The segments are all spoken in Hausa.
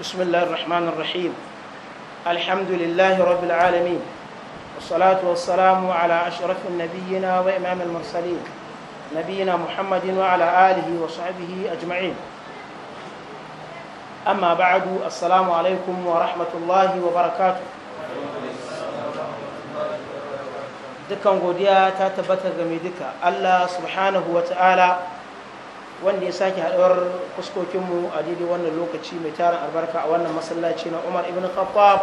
بسم الله الرحمن الرحيم الحمد لله رب العالمين والصلاة والسلام على أشرف نبينا وإمام المرسلين نبينا محمد وعلى آله وصحبه أجمعين أما بعد السلام عليكم ورحمة الله وبركاته dukkan godiya ta tabbata game duka Allah subhanahu wa ta'ala wanda ya sake haɗuwar fuskokinmu a daidai wannan lokaci mai tarin albarka a wannan masallaci na umar ibn khattab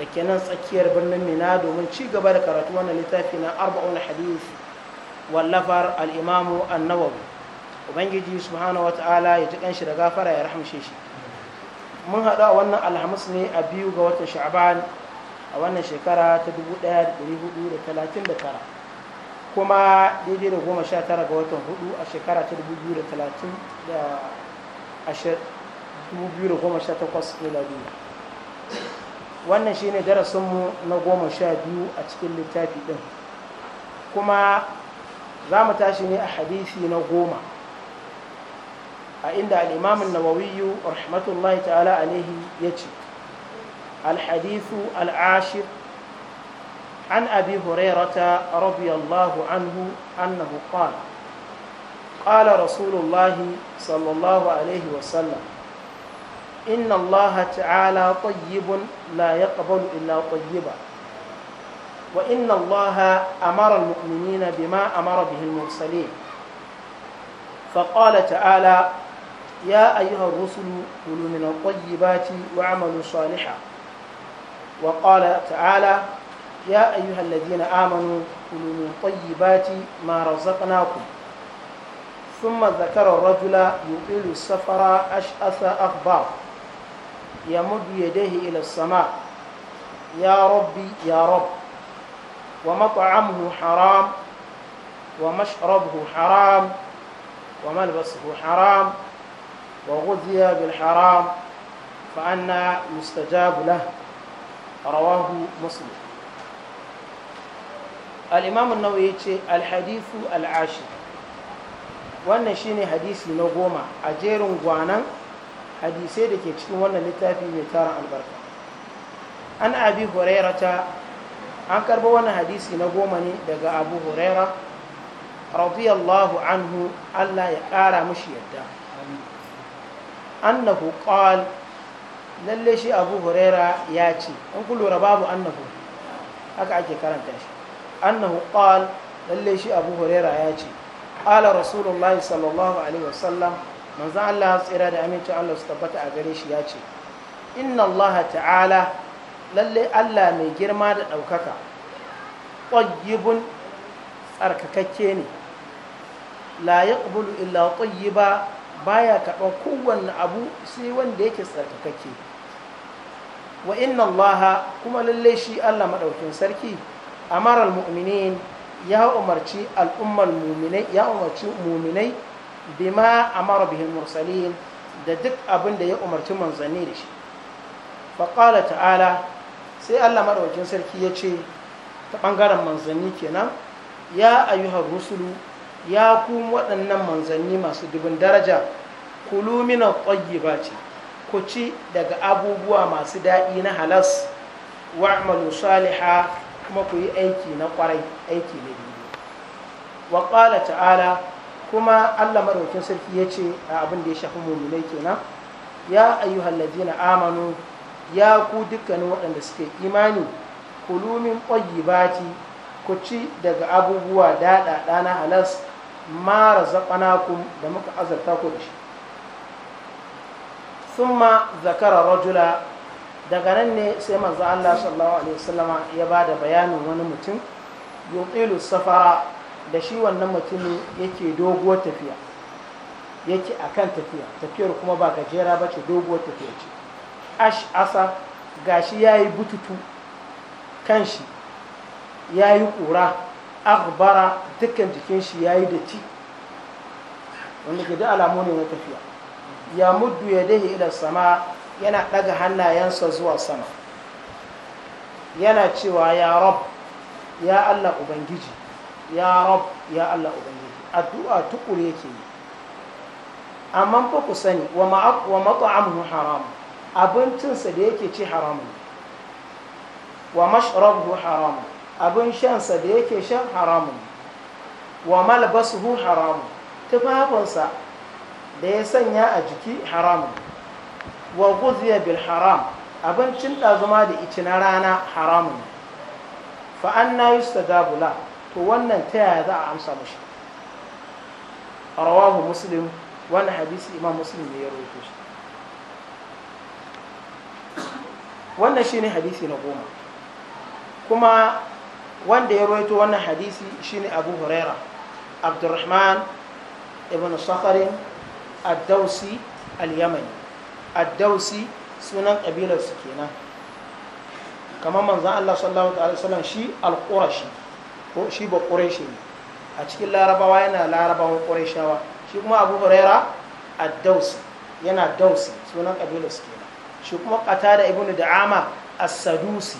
da ke nan tsakiyar birnin mina domin ci gaba da karatu wannan littafi na arba'un hadith wallafar al'imamu annawawi ubangiji subhanahu ta'ala ya ji shi da gafara ya rahamshe shi mun haɗu a wannan alhamis ne a biyu ga watan sha'ban a wannan shekara ta 1439 kuma daidai da goma sha tara ga watan hudu a shekara ta dubu biyu da talatin da dubu biyu da goma sha takwas miladiya wannan shi ne darasinmu na goma sha biyu a cikin littafi ɗin kuma za mu tashi ne a hadisi na goma a inda al'imamin nawawiyu rahmatullahi ta'ala alaihi ya ce al ashir. عن أبي هريرة رضي الله عنه أنه قال قال رسول الله صلى الله عليه وسلم إن الله تعالى طيب لا يقبل إلا طيبا وإن الله أمر المؤمنين بما أمر به المرسلين فقال تعالى يا أيها الرسل كلوا من الطيبات واعملوا صالحا وقال تعالى يا أيها الذين آمنوا كلوا من طيبات ما رزقناكم ثم ذكر الرجل يطيل السفر أشأث أخبار يمد يديه إلى السماء يا ربي يا رب ومطعمه حرام ومشربه حرام وملبسه حرام وغذي بالحرام فأنا مستجاب له رواه مسلم al’imamun nawa ya ce alhadisu al'ashi wannan shi ne wannan shine hadisi na goma a jerin gwanan hadisai da ke cikin wannan littafi mai tara albarka an abi huraira ta an karba wannan hadisi na goma ne daga abu huraira radiyallahu anhu allah ya ƙara mashi yadda annahu qal lalle shi abu huraira ya ce an ku lura babu annahu haka ake karanta shi annahu qal lalle shi abu huraira ya ce qala rasulullahi sallallahu alaihi wasallam manzon Allah tsira da aminci Allah su tabbata a gare shi ya ce inna Allah ta'ala lalle Allah mai girma da ɗaukaka tayyibun tsarkakakke ne la yaqbulu illa ba baya taɓa kowanne abu sai wanda yake tsarkakakke wa inna allaha kuma lalle shi allah maɗaukin sarki amara almu'minin ya umarci al'ummar muminai ya umarci muminai bima amara bihi mursalin da duk abin da ya umarci manzanni da shi faƙala ta'ala sai allah maɗaukin sarki ya ce ta ɓangaren manzanni kenan ya ayyuhar rusulu ya ku waɗannan manzanni masu dubin daraja kulu ba ce ku ci daga abubuwa masu daɗi na halas wa'malu saliha kuma ku yi aiki na kwarai aiki na biyu wa ta'ala kuma Allah madaukin sarki ya ce a abin da ya shafi muminai kenan ya ayyuhal na amanu ya ku dukkanin waɗanda suke imani kulumin ƙwayyibati ku ci daga abubuwa daɗaɗa na halas mara ku da muka azarta ku da shi summa zakara rajula daga nan ne sai manzo Allah sallallahu alaihi wasallama ya ba da bayanin wani mutum yuqilu safara da shi wannan mutumin yake doguwar tafiya yake akan tafiya tafiyar kuma ba gajera ba ce doguwar tafiya ce ash asa gashi yayi bututu kan shi yayi kura akbara dukkan jikin shi yayi dati wanda ke da alamu ne na tafiya ya muddu ya dahi ila sama yana ɗaga hannayensa zuwa sama yana cewa ya rab ya allah ubangiji ya rab ya allah ubangiji addu'a tukur yake yi amma fa ku sani wa mat'amuhu haram abincinsa da yake ci ne wa mashrabuhu haram abin shansa da yake shan ne wa malbasuhu haram tufafinsa da ya sanya a jiki ne wa guziya bil haram abincin ɗazuma da ici na rana haramun fa an na yi stadabula to wannan ta yaya za a amsa mushi rawahu muslim wannan hadisi imam muslim ne ya rawaito shi wannan shine hadisi na goma kuma wanda ya rawaito wannan hadisi shine abu huraira abdurrahman ibn sakharin ad-dawsi al-yamani addausi sunan ƙabilarsu kenan kamar manzan Allah sallallahu alaihi wasallam shi alƙurashi ko shi ba ƙureshi ne a cikin larabawa yana larabawan ƙurashawa, shi kuma abu huraira addausi yana dausi sunan ƙabilarsu kenan shi kuma da ibnu Ama as-sadusi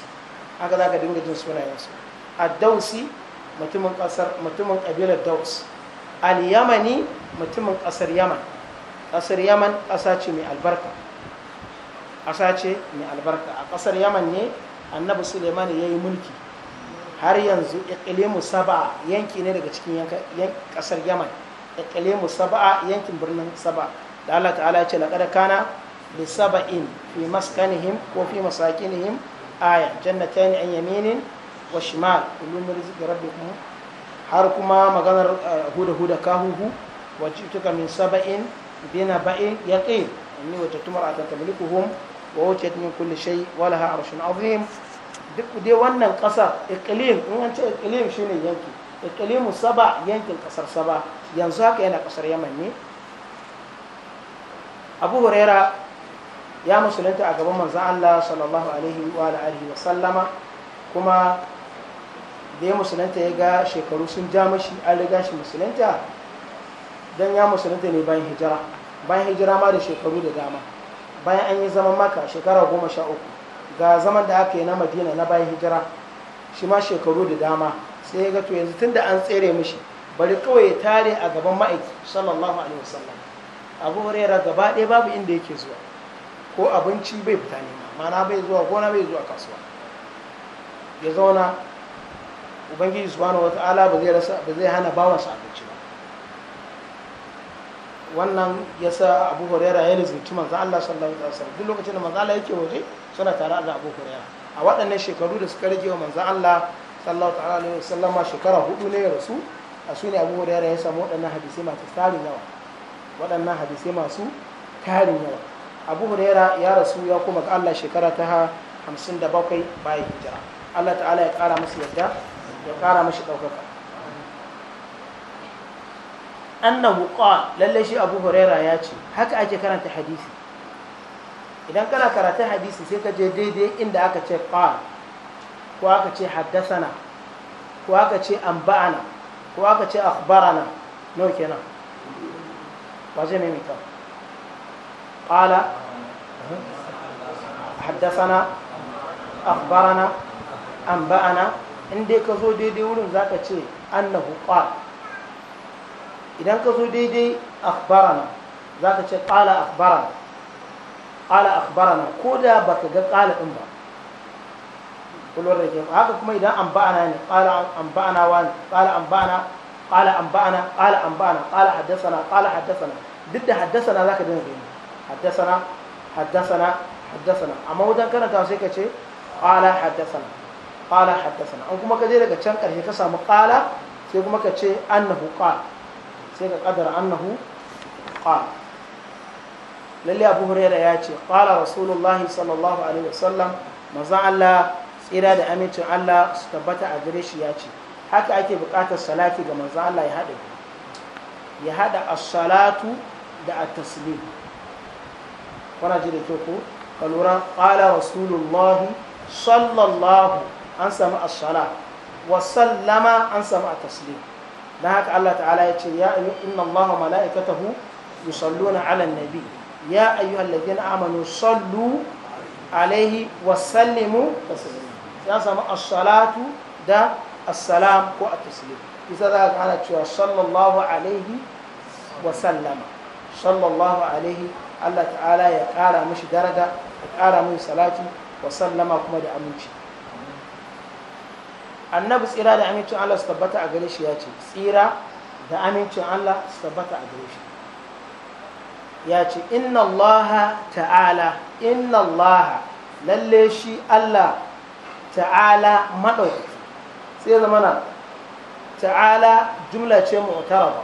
haka ka dinga jin sunayensu addausi mutumin ƙasar mutumin ƙabilar daus al-yamani mutumin ƙasar yaman ƙasar yaman ƙasa ce mai albarka ƙasa ce mai albarka a ƙasar yaman ne annabi suleiman ya yi mulki har yanzu ikilimu saba yanki ne daga cikin ƙasar yaman ikilimu saba yankin birnin saba da allah ta'ala ya ce laƙada kana bi saba'in fi maskanihim ko fi masakinihim aya ne an yaminin wa shimal kullum rizqi rabbikum har kuma maganar eh, huda huda kahuhu wa tuka min saba'in bina ba'in yaqin inni wa tatumar atattamlikuhum wa wucet min kulli shay wa laha arshun azim duk dai wannan kasar iqlim in an ce iqlim shine yanki iqlimu saba yankin kasar saba yanzu haka yana kasar yaman ne abu huraira ya musulunta a gaban manzan allah sallallahu alaihi wa alihi wa sallama kuma da ya musulunta ya ga shekaru sun ja mashi an riga shi musulunta don ya musulunta ne bayan hijira bayan hijira ma da shekaru da dama bayan an yi zaman maka shekara goma sha uku ga zaman da aka yi na madina na bayan hijira shi ma shekaru da dama sai ya ga to yanzu tun da an tsere mishi bari kawai ya tare a gaban ma'aiki sallallahu alaihi wasallam abu huraira gaba ɗaya babu inda yake zuwa ko abinci bai fita nema mana bai zuwa gona bai zuwa kasuwa ya zauna ubangiji subhanahu wata'ala ba zai hana bawansa abinci wannan ya sa abu huraira ya lizinci manzan allah sallallahu alaihi wasallam duk lokacin da manzan allah yake waje suna tare da abu huraira a waɗannan shekaru da suka rage wa manzan allah sallallahu alaihi wasallam shekara hudu ne ya rasu a su ne abu huraira ya samu waɗannan hadisai masu tarin yawa waɗannan hadisai masu tarin yawa abu huraira ya rasu ya kuma ga allah shekara ta hamsin da bakwai bayan hijira allah ta'ala ya ƙara masa yadda ya kara mashi ɗaukaka annahu qala lalle shi abu huraira ya ce haka ake karanta hadisi idan kana karatun hadisi sai ka je daidai inda aka ce qala ko aka ce haddasana ko aka ce anba'ana ko aka ce akhbarana no kenan ba zai mai mita qala haddasana akhbarana anba'ana in dai ka zo daidai wurin zaka ce annahu qala idan ka zo daidai akhbarana za ka ce ƙala akhbarana ƙala akhbarana ko da ba ka ga ƙala ɗin ba kullum da ke haka kuma idan an ba'ana ne ƙala an ba'ana wa ne ƙala an ba'ana ƙala an ba'ana ƙala an ba'ana ƙala haddasana ƙala haddasana duk da haddasana za ka dina gani haddasana haddasana haddasana amma wajen karanta sai ka ce ƙala haddasana ƙala haddasana an kuma ka je daga can ƙarshe ka samu ƙala sai kuma ka ce annahu ƙala sai ka kadara annahu qala lalle abu huraira ya ce qala rasulullahi sallallahu alaihi wasallam maza Allah tsira da amincin Allah su tabbata a gare shi ya ce haka ake bukatar salati ga Maza Allah ya hada ya as-salatu da at-taslim wana ji da ko ka lura qala rasulullahi sallallahu an samu as-sala wa sallama an samu at-taslim Na haka Allah ta'ala ya ce ya ayyu inna Allaha mala'ikatahu yusalluna 'alan nabi ya ayyuhalladhina amanu sallu alayhi wa sallimu taslima ya as-salatu da as-salam ko at-taslim isa za ka ana cewa sallallahu alaihi wa sallama sallallahu alaihi Allah ta'ala ya ƙara mishi daraja ya kara mishi salatu wa sallama kuma da aminci annabi tsira da amincin Allah su tabbata a gare shi ya ce tsira da amincin Allah su tabbata a gare shi ya ce inna Allah ta'ala inna Allah lalle shi Allah ta'ala maɗaukaki sai zama na ta'ala jumla ce ba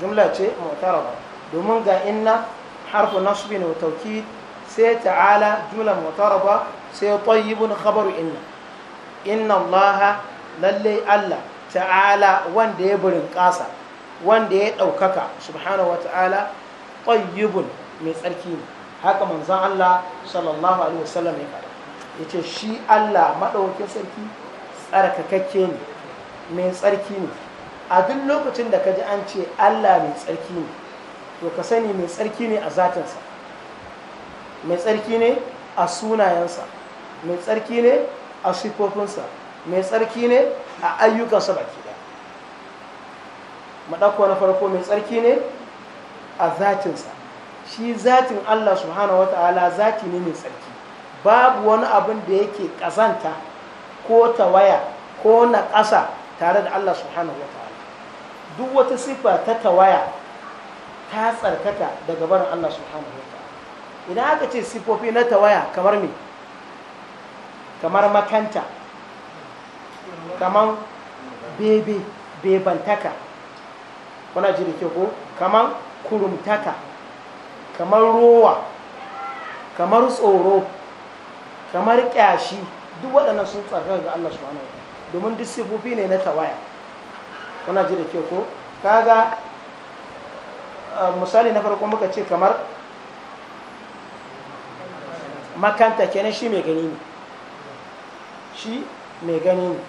jumla ce ba domin ga inna harfu nasbin wa tawkid sai ta'ala jumla ba sai tayyibun khabaru inna inna allaha lallai allah ta'ala wanda ya burin kasa, wanda ya ɗaukaka subhanahu wa ta'ala ƙwayyubun mai tsarki ne haka manzan allah sallallahu alaihi wasallam ya faɗa ya ce shi allah maɗaukin sarki tsarkakakke ne mai tsarki ne a duk lokacin da ka ji an ce allah mai tsarki ne to ka sani mai tsarki ne a zatinsa mai tsarki ne a sunayensa mai tsarki ne a siffofinsa mai tsarki ne a ayyukansa baki ɗaya Maɗako na farko mai tsarki ne a zatinsa shi zatin Allah subhanahu wa ta'ala zati ne mai tsarki babu wani abin da yake ƙazanta ko tawaya ko na ƙasa tare da Allah subhanahu wa ta'ala duk wata sifa ta tawaya ta tsarkata daga barin Allah subhanahu wa ta'ala idan aka ce siffofi na tawaya kamar me kamar makanta kamar bebe bebantaka kuna ji da ke ko kamar kurumtaka kamar rowa kamar tsoro kamar kyashi duk waɗannan sun tsarkar ga Allah subhanahu domin duk sifofi ne na tawaya kuna ji da ke ko kaga ah, misali na farko muka ce kamar makanta kenan shi mai gani ne shi mai gani ne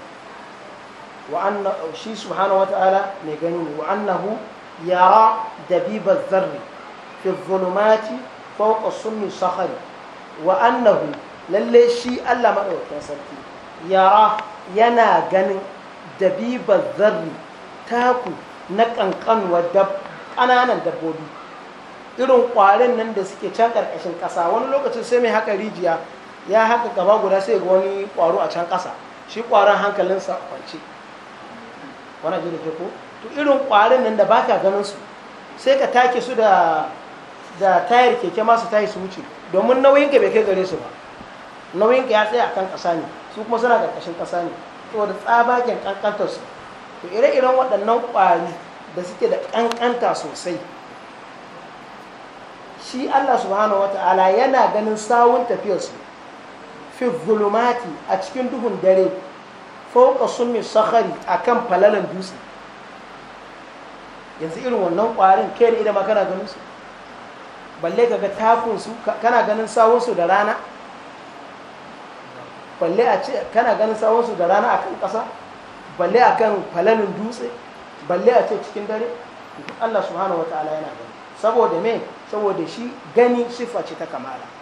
wa'anna shi subhanahu wata'ala mai gani ne wa'annahu yara dabibar zarri fi zulumati fawqa sunni sahari wa'annahu lalle shi Allah maɗaukakin sarki yara yana ganin dabibar zarri taku na kankanwa ƙananan dabbobi irin ƙwarin nan da suke can ƙarƙashin ƙasa wani lokacin sai mai haka rijiya ya haka gaba guda sai ga wani kwaro a can ƙasa shi kwaron hankalinsa kwance wani ajiyar ke ko to irin kwarin nan da baka ganin su sai ka take su da da tayar keke masu tayi su wuce domin nauyin ka bai kai gare su ba nauyin ka ya tsaya kan kasa ne su kuma suna ƙarƙashin kasa ne da tsabagen ƙanƙantar su to ire-iren waɗannan kwari da suke da ƙanƙanta sosai shi Allah subhanahu ta'ala yana ganin sawun tafiyarsu fi zulumati a cikin duhun dare fauka sun mai sakari a kan falalan dutse yanzu irin wannan kwarin kai da idan kana ganin su balle ga tafin su kana ganin sawon su da rana balle a ce kana ganin sawon su da rana a kan kasa balle a kan falalan dutse balle a ce cikin dare Allah subhanahu wa ta'ala yana gani saboda me saboda shi gani sifa ce ta kamala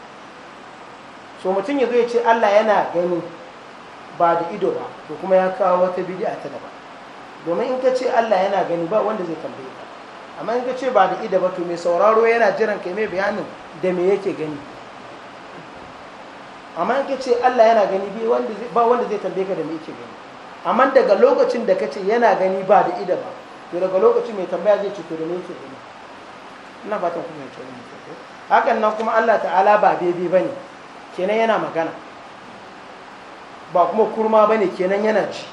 so mutum ya zo ya ce Allah yana gani ba da ido ba to kuma ya kawo wata a ta daban domin in ka ce Allah yana gani ba wanda zai tambaye ka amma in ka ce ba da ido ba to mai sauraro yana jiran kai mai bayanin da me yake gani amma in ka ce Allah yana gani ba wanda zai tambaye ka da me yake gani amma daga lokacin da ka ce yana gani ba da ido ba to daga lokacin mai tambaya zai ce to da me yake gani ina fatan kuma ya ce hakan nan kuma Allah ta'ala ba daidai bane kenan yana magana ba kuma kurma ba ne kenan yana ji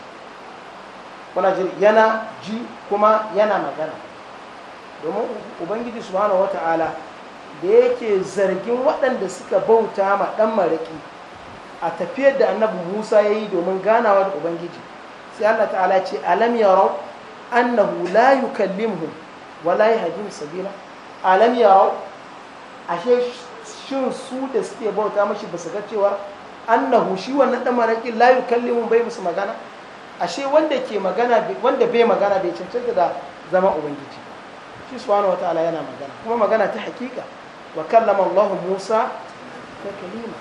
kuna yana ji kuma yana magana domin ubangiji subhanahu wata'ala da yake zargin waɗanda suka bauta ma ɗan maraƙi a tafiyar da annabi musa ya yi domin ganawa da ubangiji sai allah ta'ala ce alam yarau annahu la yukallimhum wala yahdihim sabila alam yarau ashe shin su da suke bauta mashi ba su ga cewa annahu shi wannan dan maraƙi la yukallimun bai musu magana ashe wanda ke magana wanda bai magana bai cancanta da zama ubangiji shi subhanahu wataala yana magana kuma magana ta hakika wa kallama Allah Musa ta kalima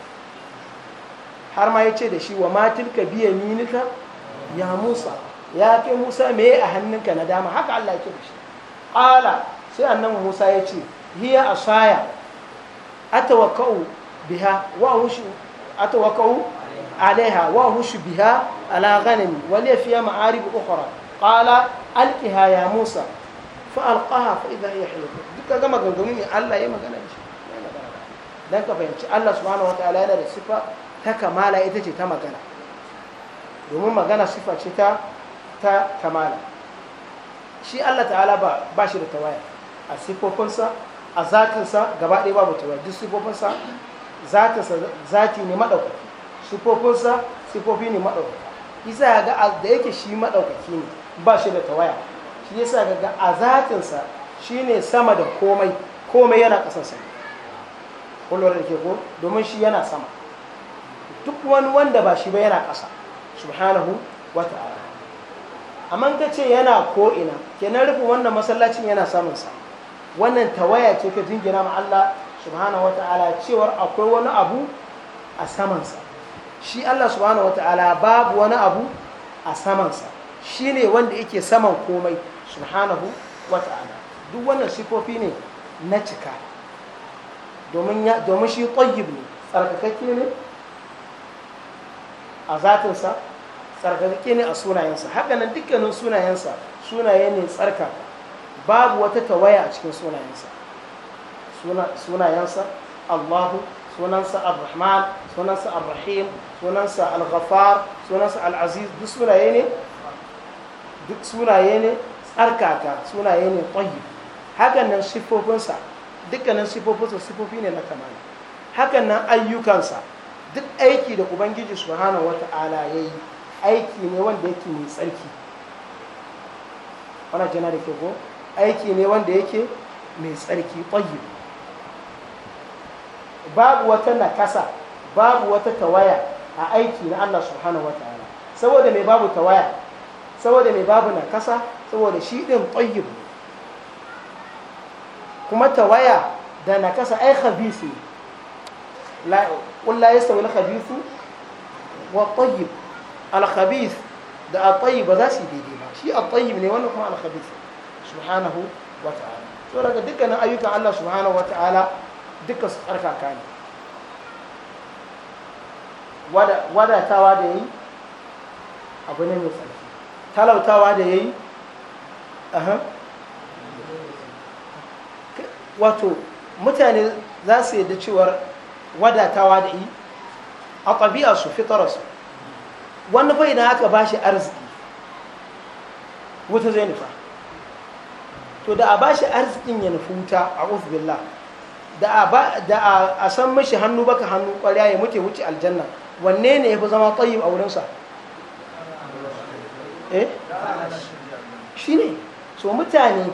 har ma yace da shi wa ma tilka bi yaminika ya Musa ya kai Musa me a hannunka na dama haka Allah yake da shi qala sai annabi Musa ya yace hiya asaya atawakka'u biha wa hushu atawakka'u alaiha wa hushu biha ala ghanami wa li fiha ma'arib ukhra qala alqiha ya musa fa alqaha fa idha hiya hilqu duka ga maganganun ne Allah ya magana da shi dan ka fahimci Allah su subhanahu wataala yana da sifa ta kamala ita ce ta magana domin magana sifa ce ta ta kamala shi Allah ta'ala ba ba shi da tawaya a sifofinsa a zatinsa gaba ɗaya babu tawaya duk sifofinsa zatinsa zati ne maɗaukaki sifofinsa sifofi ne maɗaukaki isa ya ga da yake shi maɗaukaki ne ba shi da tawaya shi yasa ga ga a zatinsa shi ne sama da komai komai yana ƙasansa kullum da ke ko domin shi yana sama duk wani wanda ba shi ba yana ƙasa subhanahu wa ta'ala amma ka ce yana ko'ina kenan rufin wannan masallacin yana samunsa wannan tawaya ce ka jingina ma Allah subhanahu wata'ala cewar akwai wani abu a samansa shi Allah subhanahu wata'ala babu wani abu a samansa shi ne wanda yake saman komai subhanahu wata'ala duk wannan sifofi ne na cika domin shi tsayyib ne tsarkakakke ne a zatinsa tsarkakakke ne a sunayensa hakanan dukkanin sunayensa sunaye ne tsarkaka babu wata tawaya a cikin sunayensa sunayensa Allahu sunansa ar sunansa ar sunansa Al-Ghaffar sunansa Al-Aziz duk sunaye ne duk sunaye ne tsarkaka sunaye ne tayyib hakan nan sifofinsa dukkanin sifofinsa sifofi ne na kamar hakan nan ayyukansa duk aiki da ubangiji subhanahu wata yayi aiki ne wanda yake mai tsarki wannan jana da ke aiki ne wanda yake mai tsarki ƙwayi babu wata nakasa babu wata tawaya a aiki na Allah subhanahu wa ta'ala saboda mai babu tawaya saboda mai babu nakasa saboda shi ɗin ƙwayi kuma tawaya da nakasa ai ya wa khabisu قل da a الخبيث ba za ده الطيب ذا سيدي دي ماشي الطيب ني وانا كما الخبيث subhanahu wa ta'ala so daga dukkanin ayyukan Allah subhanahu wa ta'ala duka su tsarkaka ne wadatawa da yayi abu ne mai tsarki talautawa da yayi aha wato mutane za su yadda cewar wadatawa da yi a ƙabi'a su fitararsu wani bai na haka ba shi arziki wuta zai nufa to da a ba shi arzikin ya nufi wuta a uzbillah da a san mashi hannu baka hannu kwarya ya muke wuce aljanna wanne ne ya fi zama tsayib a wurinsa eh shi ne so mutane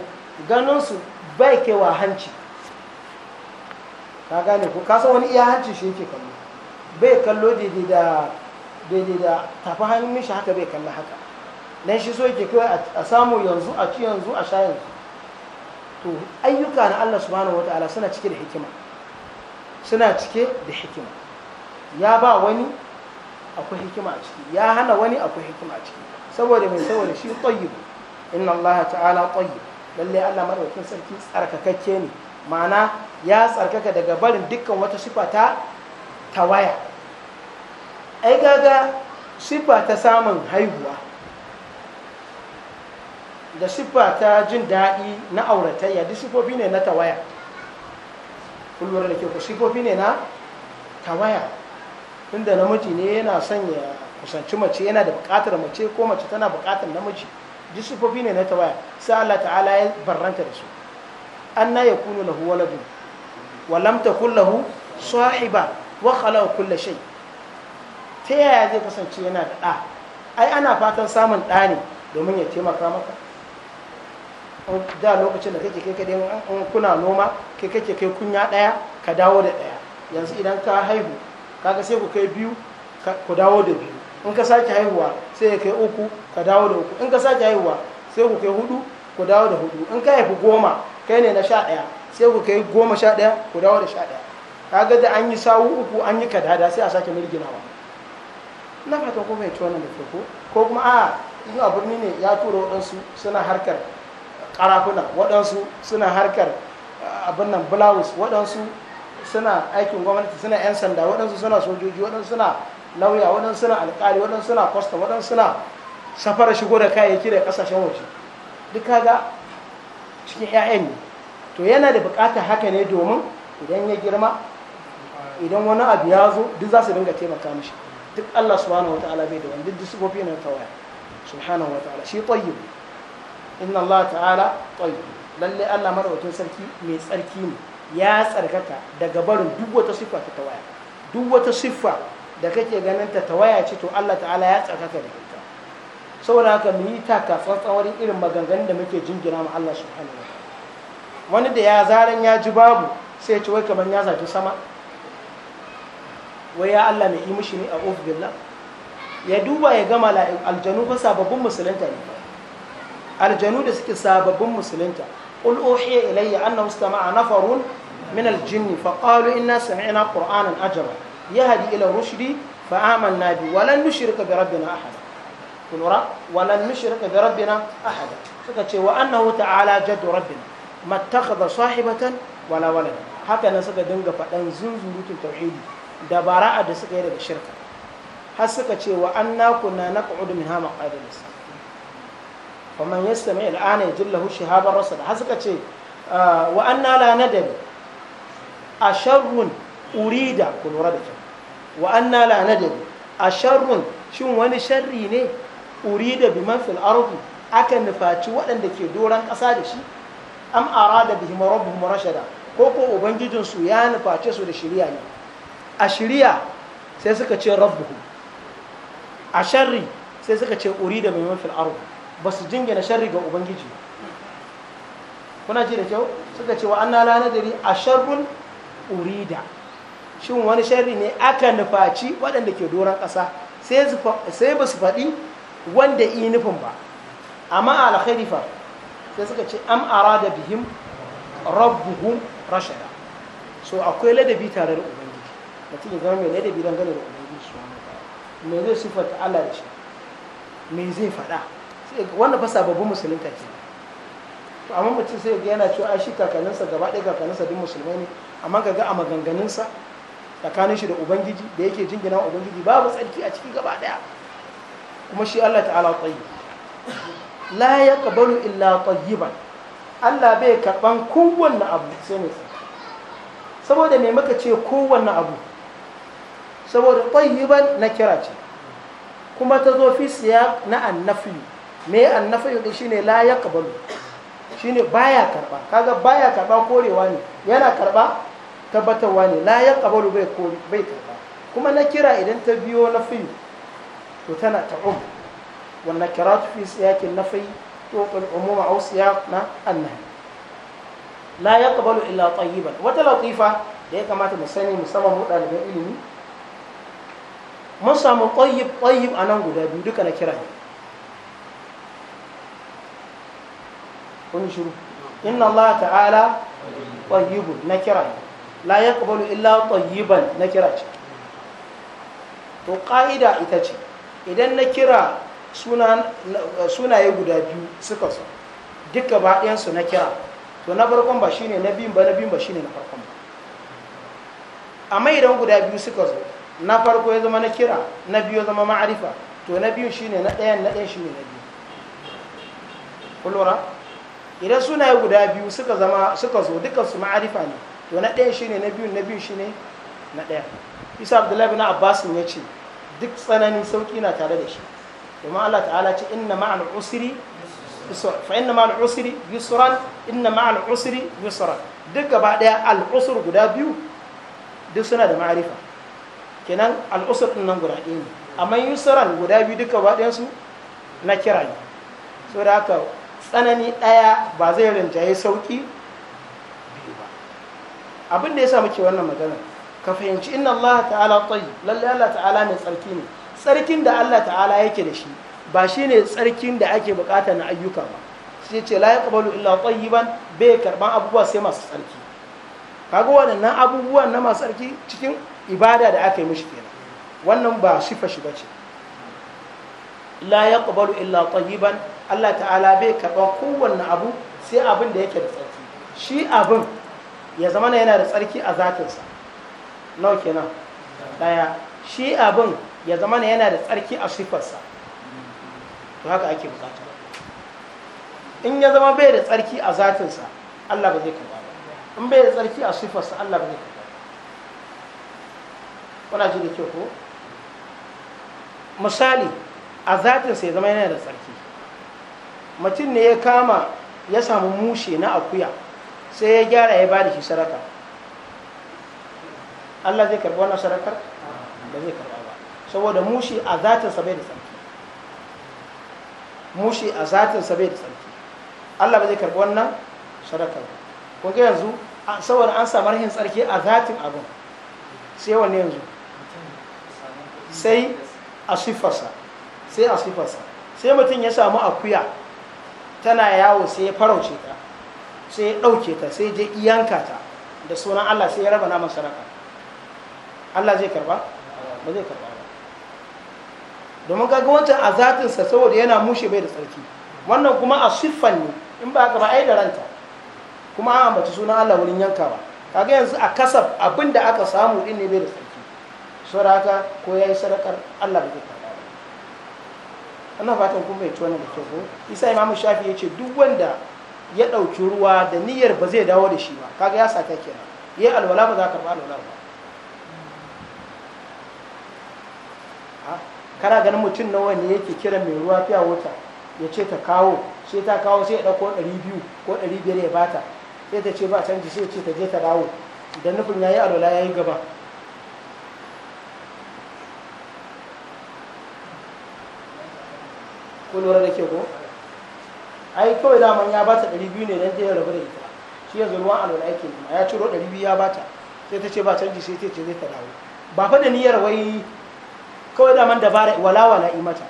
ganinsu bai kewa hanci ka gane ko kasa wani iya hanci shi yake kallo bai kallo daidai da daidai da tafi hannun shi haka bai kalla haka Nan shi so yake kawai a samu yanzu a ci yanzu a sha yanzu to ayyuka na Allah subhanahu wataala suna cike da hikima suna cike da hikima ya ba wani akwai hikima a ciki ya hana wani akwai hikima a ciki saboda mai saboda shi tayyib inna Allah ta'ala tayyib lalle Allah madaukakin sarki tsarkakakke ne ma'ana ya tsarkaka daga barin dukkan wata sifa ta tawaya ai gaga sifa ta samun haihuwa da siffa ta jin daɗi na auratayya duk siffofi ne na tawaya kun da ke ku siffofi ne na tawaya Inda namiji ne yana son ya kusanci mace yana da buƙatar mace ko mace tana buƙatar namiji duk siffofi ne na tawaya sai Allah ta'ala ya barranta da su An na anna yakunu lahu waladun wa lam takul lahu sahiba wa khalaqa kull shay ta yaya zai kusanci yana da ɗa ai ana fatan samun ɗa ne domin ya taimaka maka da lokacin da kake kai kadai in kuna noma kai kake kai kunya daya ka dawo da daya yanzu idan ka haihu kaga sai ku kai biyu ku dawo da biyu in ka sake haihuwa sai ya kai uku ka dawo da uku in ka sake haihuwa sai ku kai hudu ku dawo da hudu in ka haifi goma kai ne na sha daya sai ku kai goma sha daya ku dawo da sha daya kaga da an yi sawu uku an yi kadada sai a sake mirginawa na fata ko bai ci wannan da ko kuma a ina birni ne ya tura waɗansu suna harkar karafunan waɗansu suna harkar eh, abin nan blouse waɗansu suna aikin gwamnati suna 'yan sanda waɗansu suna sojoji waɗansu suna lauya waɗansu suna alƙali waɗansu suna kwasta waɗansu suna safara shigo da kayayyaki da ƙasashen waje duk kaga cikin 'ya'yan ne to yana da buƙatar haka ne domin idan ya girma idan wani abu ya zo duk za su dinga taimaka mishi duk Allah subhanahu wa ta'ala bai da wani duk su sifofi na tawaya subhanahu wa ta'ala shi tayyib inna Allah ta'ala tayyib lalle Allah madaukakin sarki mai tsarki ne ya tsarkaka daga barin duk wata siffa ta tawaya duk wata siffa da kake ganin ta tawaya ce to Allah ta'ala ya tsarkaka da ita saboda haka mu yi taka tsantsawarin irin maganganun da muke jingina ma Allah subhanahu wa wani da ya zaran ya ji babu sai ya ci wai kamar ya zaci sama wai ya Allah mai yi mishi ne a ofbillah ya duba ya gama aljanu fa sababbin musulunta ne aljanu da suke sababbin musulunta qul uhiya ilayya annahu istama'a nafarun min aljinni fa qalu inna sami'na qur'anan ajaba yahdi ila rushdi fa amanna bi wa lan nushrika bi rabbina ahada kun ra wa lan nushrika bi rabbina ahada suka ce wa annahu ta'ala jaddu rabbina mattakhadha sahibatan wala walada haka nan suka dinga faɗan zunzurutun tauhidi da bara'a da suka yi daga shirka har suka ce wa anna kunna naq'udu min hama qadalis faman yastami al'ana yajillahu shihaban rasad har suka ce wa anna la nadari a sharrun urida ku lura da kyau wa anna la nadari a sharrun shin wani sharri ne urida bi man fil ardi aka nufaci waɗanda ke doron ƙasa da shi am arada bihim rabbuhum rashada ko ko ubangijinsu ya nuface su da shiriya ne a sai suka ce a sharri sai suka ce urida bi man ba su jingina sharri ga ubangiji kuna ji da kyau suka ce wa anna dari a sharrun urida shin wani sharri ne aka nufaci waɗanda ke doron ƙasa sai ba su faɗi wanda yi nufin ba amma alkhairi fa sai suka ce am da bihim rabbuhum rashada so akwai ladabi tare da ubangiji mutum ya zama mai ladabi dangane da ubangiji su wani me zai siffanta Allah da shi me zai faɗa wannan fa sababbin musulunta ce to amma mutum sai ga yana cewa shi kakanninsa gaba ɗaya kakanninsa duk musulmai ne amma ga a maganganunsa tsakanin shi da ubangiji da yake jingina ubangiji babu tsarki a ciki gaba ɗaya kuma shi Allah ta'ala tsayi la ya kabalu illa tayyiban Allah bai karban kowanne abu sai ne saboda me muka ce kowanne abu saboda tayyiban na kira ce kuma ta zo fi siya na annafi me annafi din shine la yaqbalu shine baya karba kaga baya karba korewa ne yana karba tabbatarwa ne la yaqbalu bai kore bai karba kuma na kira idan ta biyo na nafi to tana ta'um wan karatu fi siyakin nafi to qul umuma aw na annahi la yaqbalu illa tayyiban wata latifa da ya kamata mu sani musamman mu ɗaliban ilimi mun samu tayyib tayyib anan guda biyu duka na kira ne kun shiru inna Allah ta'ala na kira la yaqbalu illa tayyiban kira ce to ƙa'ida ita ce idan na kira sunaye guda biyu suka so duka gaba ɗayansu na kira to na farkon ba shine na biyun ba na biyun ba shine na farkon ba amma idan guda biyu suka zo na farko ya zama na kira na biyu ya zama ma'arifa to na biyun shine na ɗayan na ɗayan shine na biyu kullura idan yi guda biyu suka zama suka zo dukkan su ma'arifa ne to na ɗaya shine na biyu na biyu shine na ɗaya isa abdullahi bin abbas ya ce duk tsananin sauki na tare da shi domin Allah ta'ala ce inna ma'an usiri fa inna ma'an usiri yusran inna ma'an usiri yusran duk gaba ɗaya al'usur guda biyu duk suna da ma'arifa kenan al'usur ɗin din nan guda ɗaya ne amma yusran guda biyu duk gaba ɗayan su na kira ne saboda haka tsanani ɗaya ba zai rinjaye sauƙi biyu ba abin da ya sa muke wannan magana ka fahimci inna Allah ta'ala tsayi lallai Allah ta'ala mai tsarki ne tsarkin da Allah ta'ala yake da shi ba shi ne tsarkin da ake bukata na ayyuka ba sai ce la yaqbalu illa tayyiban bai karban abubuwa sai masu tsarki kaga waɗannan abubuwan na masu tsarki cikin ibada da aka yi mishi kenan wannan ba shifa shi bace la yaqbalu illa tayyiban Allah ta'ala bai karban kowanne abu sai abin da yake da tsarki shi abin ya zama yana da tsarki a zatinsa nau kenan daya shi abin ya zama yana da tsarki a sifarsa to haka ake bukata in ya zama bai da tsarki a zatinsa Allah ba zai karba ba in bai da tsarki a sifarsa Allah ba zai karba ba kuna ji da kyau ko misali a zatinsa ya zama yana da tsarki mutum ne ya kama ya samu mushe na akuya sai ya gyara ya ba da shi saraka Allah zai karbi wannan sarakar ba zai karba ba saboda mushe a zatinsa bai da tsarki mushe a zatinsa bai da tsarki Allah ba zai karbi wannan sarakar ba kun ga yanzu saboda an samu rahin tsarki a zatin abin sai wanne yanzu sai a siffarsa sai a sifarsa sai mutum ya samu akuya tana yawo sai ya farauce ta sai ya ɗauke ta sai je iyanka ta da sunan Allah sai ya raba naman saraka Allah zai karba ba zai karba ba domin kaga wancan a zatinsa saboda yana mushe bai da tsarki wannan kuma a siffan ne in ba ka ba ai da ranta kuma an ambaci sunan Allah wurin ba kaga yanzu a kasaf abin da aka samu din ne bai da tsarki saboda haka ko yi sarakar Allah ba zai karba ana fatan kun bai wannan da kyau isa imamu shafi ya ce duk wanda ya ɗauki ruwa da niyyar ba zai dawo da shi ba kaga ya sata kenan ya alwala ba za ka ba alwala ba kana ganin mutum nawa ne yake kira mai ruwa fiya wuta ya ce ta kawo sai ta kawo sai ya ɗauko ɗari biyu ko ɗari biyar ya bata sai ta ce ba canji sai ce ta je ta dawo da nufin ya yi alwala ya yi gaba ko lura da ke ko ai kawai daman ya bata ɗari biyu ne don ta yi rabu da ita shi ya ruwan a lura nema ya ciro ɗari biyu ya bata sai ta ce ba canji sai ta ce zai ta dawo ba fa da niyyar wai kawai daman dabara wala wala yi mata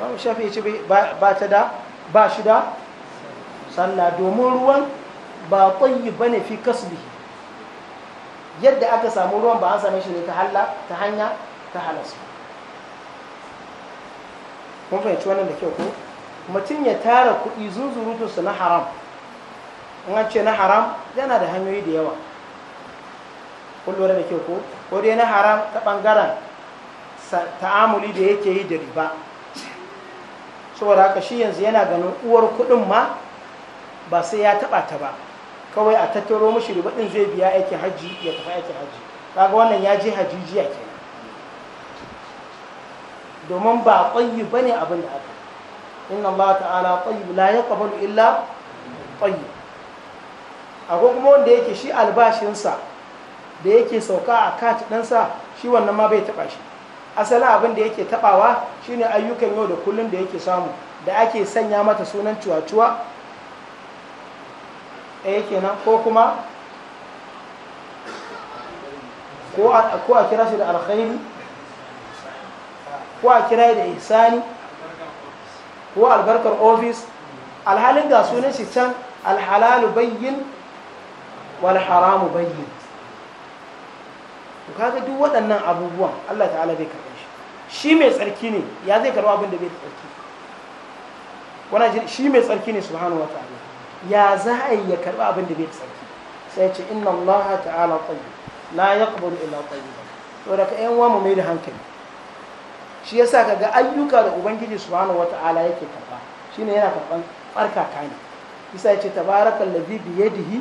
wani shafi ya ce ba ta da ba shi da sannan domin ruwan ba kwayi ba ne fi kasbihi yadda aka samu ruwan ba an same shi ne ta hanya ta halasu kun fahimci wannan da kyau ko mutum ya tara kuɗi su na haram in an ce na haram yana da hanyoyi da yawa kun lura da kyau ko ko dai na haram ta ɓangaren ta'amuli da yake yi da riba saboda haka shi yanzu yana ganin uwar kuɗin ma ba sai ya taɓa ta ba kawai a tattaro mashi riba ɗin zai biya aikin hajji ya tafi aikin hajji kaga wannan ya je hajji jiya kenan domin ba ƙwayi ba ne abin da aka inna Allah ta'ala ƙwayi la ya ƙwabar illa ƙwayi akwai kuma wanda yake shi albashinsa da yake sauka a kati ɗansa shi wannan ma bai taɓa shi asali abin da yake taɓawa shine ayyukan yau da kullum da yake samu da ake sanya mata sunan cuwa-cuwa yake nan ko kuma ko a kira shi da alkhairi ko a kira da ihsani ko albarkar ofis alhalin ga sunan shi can alhalalu bayyin wal haramu bayyin to kaga duk waɗannan abubuwan Allah ta'ala zai karɓe shi shi mai tsarki ne ya zai karɓa abin da bai da tsarki wannan shi mai tsarki ne subhanahu wataala ya za a yi ya karɓa abin da bai tsarki sai ce inna Allah ta'ala tayyib la yaqbalu illa tayyiban to da ka yan wa mu mai da hankali shi yasa kaga ayyuka da ubangiji subhanahu wata'ala yake karba shine yana karban tsarkaka ne isa yace tabarakal ladhi bi yadihi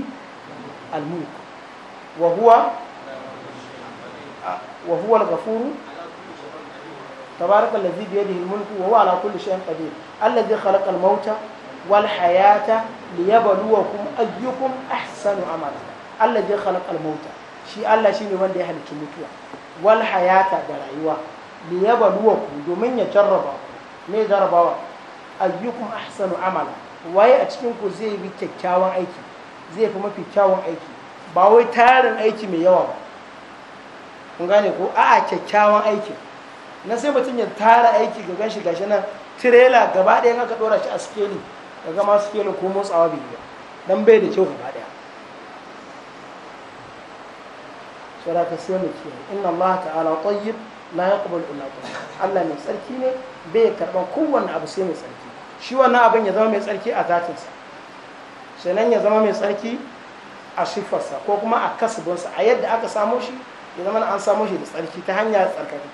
al mulk wa huwa wa huwa al ghafuru tabarakal ladhi bi yadihi al mulk wa huwa ala kulli shay'in qadir alladhi khalaqa al mauta wal hayata liyabluwakum ayyukum ahsanu amala alladhi khalaqa al mauta shi Allah shine wanda ya halicci mutuwa wal hayata da rayuwa ku domin ya jarraba me jarrabawa ayyukum ahsanu amala waye a cikin ku zai bi kyakkyawan aiki zai fi mafi kyawun aiki ba wai tarin aiki mai yawa ba kun gane ko a'a kyakkyawan aiki na sai mutum ya tara aiki ga ganshi gashi nan tirela gaba ɗaya ka ɗora shi a skeli ka gama sikeli ko motsawa bai yi dan bai da kyau gaba ɗaya saboda ka sai mu ce inna Allah ta'ala tayyib la yaqbalu illa Allah mai tsarki ne bai karɓar kowane abu sai mai tsarki shi wannan abin ya zama mai tsarki a zatinsa nan ya zama mai tsarki a shifarsa ko kuma a kasubinsa a yadda aka samo shi ya zama an samo shi da tsarki ta hanya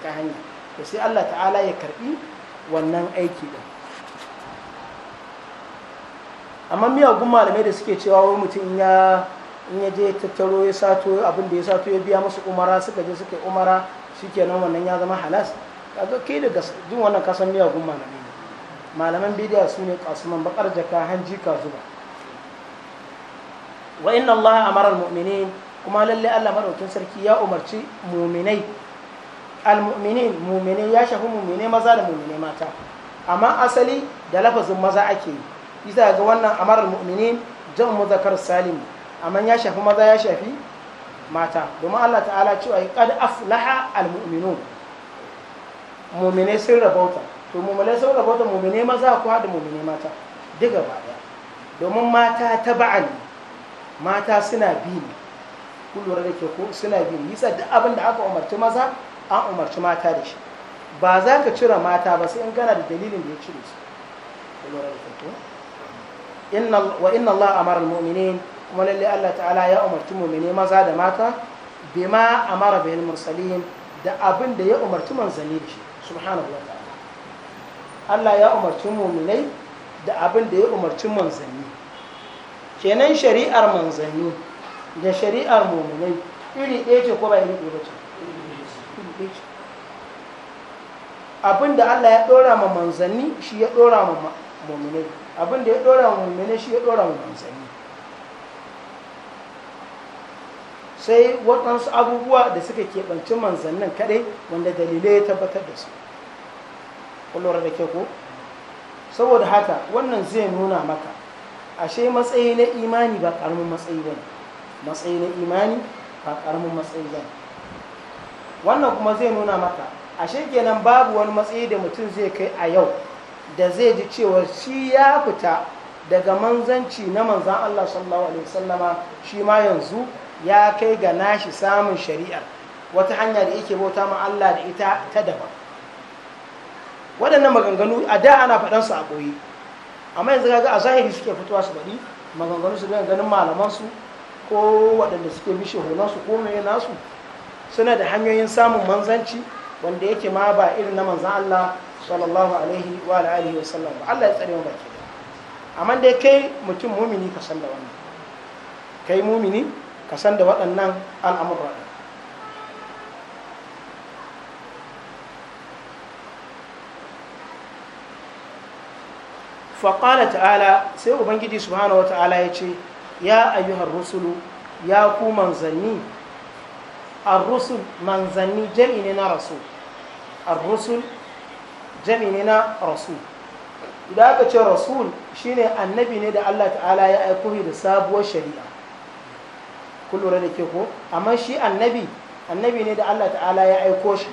ta hanya to sai Allah ta'ala ya karɓi wannan aiki ɗin amma miya miyagun malamai da suke cewa wani mutum ya in ya je tattaro ya sato abin da ya sato ya biya masu umara suka je suka yi umara shikenan wannan ya zama halas kaga kai daga jin wannan kasan miyagun malamai ne malaman bidiya su ne kasuman bakar jaka hanji kasuba wa inna allaha amara almu'minin kuma lalle Allah madaukin sarki ya umarci mu'minai almu'minin mu'minai ya shafi mu'minai maza da mu'minai mata amma asali da lafazin maza ake yi isa ga wannan amara almu'minin jan muzakkar salim amma ya shafi maza ya shafi mata domin Allah ta'ala cewa qad aflaha almu'minun mu'mine sun rabauta to mu'mine sun rabauta mu'mine maza ko da mu'mine mata duk gaba daya domin mata ta ba'an, mata suna bi ne kun da ke ko suna bi ne yasa duk abin da aka umarci maza an umarci mata da shi ba za ka cire mata ba sai in gana da dalilin da ya cire su kun lura da ke ko wa inna Allah amara al kuma lalle Allah ta'ala ya umarci mumini maza da mata bima amara bil mursalin da abin da ya umarci manzanni da shi subhanahu wa ta'ala Allah ya umarci mu'minai da abin da ya umarci manzanni kenan shari'ar manzanni da shari'ar mu'minai iri ɗaya ce ko ba iri ɗaya ce abin da Allah ya ɗora ma manzanni shi ya ɗora ma mumini abin da ya ɗora ma mu'minai shi ya ɗora ma manzanni sai waɗansu abubuwa da suka keɓanci manzannin kaɗai wanda dalilai ya tabbatar da su kullum da ke ko saboda haka wannan zai nuna maka ashe matsayi na imani ba ƙaramin matsayi ba matsayi na imani ba ƙaramin matsayi ba wannan kuma zai nuna maka ashe kenan babu wani matsayi da mutum zai kai a yau da zai ji cewa shi ya fita daga manzanci na manzan Allah sallallahu alaihi wasallama shi ma yanzu ya kai ga nashi samun shari'ar wata hanya da yake bauta ma Allah da ita ta daban waɗannan maganganu a da ana faɗan su a ɓoye amma yanzu ga a zahiri suke fitowa su baɗi maganganu su ganin malaman su ko waɗanda suke bishe hulan su ko mai nasu suna da hanyoyin samun manzanci wanda yake ma ba irin na manzan Allah sallallahu alaihi wa alihi wa ba Allah ya tsare mu baki amma dai kai mutum mumini ka san kai mumini ka san da waɗannan al'amurra faƙala ta'ala sai ubangiji subhanahu wa ta'ala ya ce ya ayyuhar rusulu ya ku manzanni ar-rusul manzanni jami ne na rasul ar-rusul jami ne na rasul idan aka ce rasul shine annabi ne da Allah ta'ala ya aiko da sabuwar shari'a kun lura da ke ko amma shi annabi annabi ne da Allah ta'ala ya aiko shi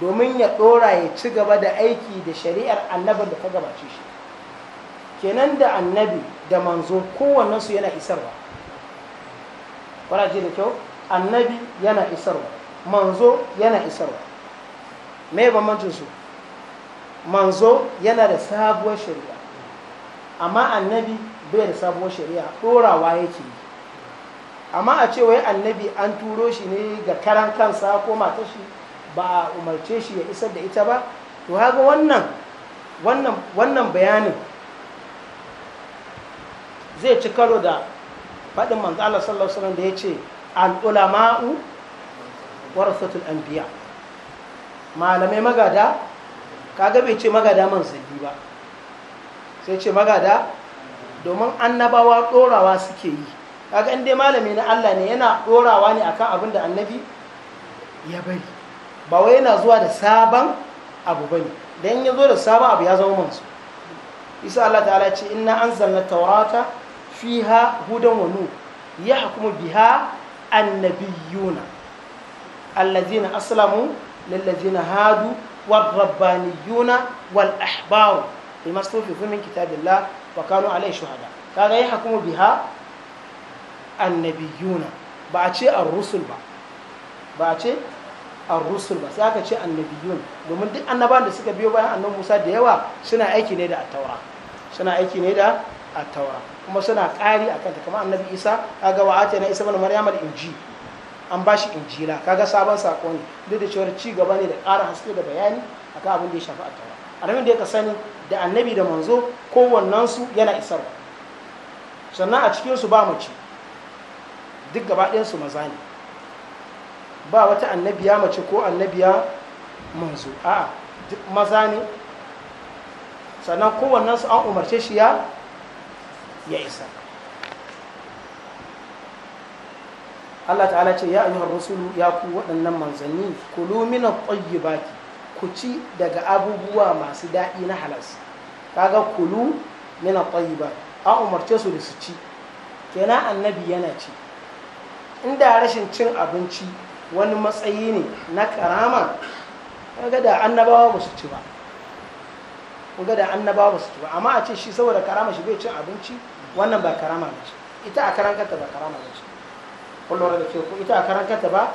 domin ya dora ya ci gaba da aiki da shari'ar annabin da ta gabace shi kenan da annabi da manzo su yana isarwa ji da kyau annabi yana isarwa manzo yana isarwa me bambancin su manzo yana da sabuwar shari'a amma annabi bai da sabuwar shari'a dorawa yake yi amma a ce wai annabi an turo shi ne ga karan kansa ko matar shi ba a umarce shi ya isar da ita ba to haka wannan wannan bayanin zai ci karo da faɗin manzo Allah sallallahu alaihi wasallam da yace al ulama'u warasatul anbiya malamai magada kaga bai ce magada man zabi ba sai ce magada domin annabawa ɗorawa suke yi kaga in dai malami na Allah ne yana dorawa ne akan abin da annabi ya bari ba wai yana zuwa da sabon abu bane dan ya zo da sabon abu ya zama mansu isa Allah ta'ala ce inna anzalna tawrata fiha hudan wa nur yahkumu biha annabiyuna allazina aslamu lallazina hadu والربانيون والأحبار بما استوفوا من كتاب الله وكانوا عليه شهداء كان يحكم بها annabiyuna ba a ce an rusul ba ba a ce an rusul ba sai aka ce annabiyun domin duk annaban da suka biyo bayan annan Musa da yawa suna aiki ne da at suna aiki ne da at kuma suna ƙari akan ta kamar annabi Isa kaga wa na Isa bane Maryam inji an ba shi injila kaga sabon sako ne duk da cewar ci gaba ne da ƙara haske da bayani akan abin da ya shafi at-taura alamin da ya ka sani da annabi da manzo kowannensu yana isarwa sannan a cikinsu ba mace duk gaba su maza ne ba wata annabiya mace ko annabiya manzo a duk maza ne sannan kowannensu an umarce shi ya ya isa Allah ta'ala ce ya ayyuhar rasulu ya ku waɗannan manzanni kulumina mina baki ku ci daga abubuwa masu daɗi na halas kaga kulu mina ba an umarce su da su ci kenan annabi yana ci inda rashin cin abinci wani matsayi ne na karama ga da annabawa ba su ci ba ga da annabawa ba su ci ba amma a ce shi saboda karama shi bai cin abinci wannan ba karama ba ita a karan kanta ba karama ba ce kullum da ke ku ita a karan kanta ba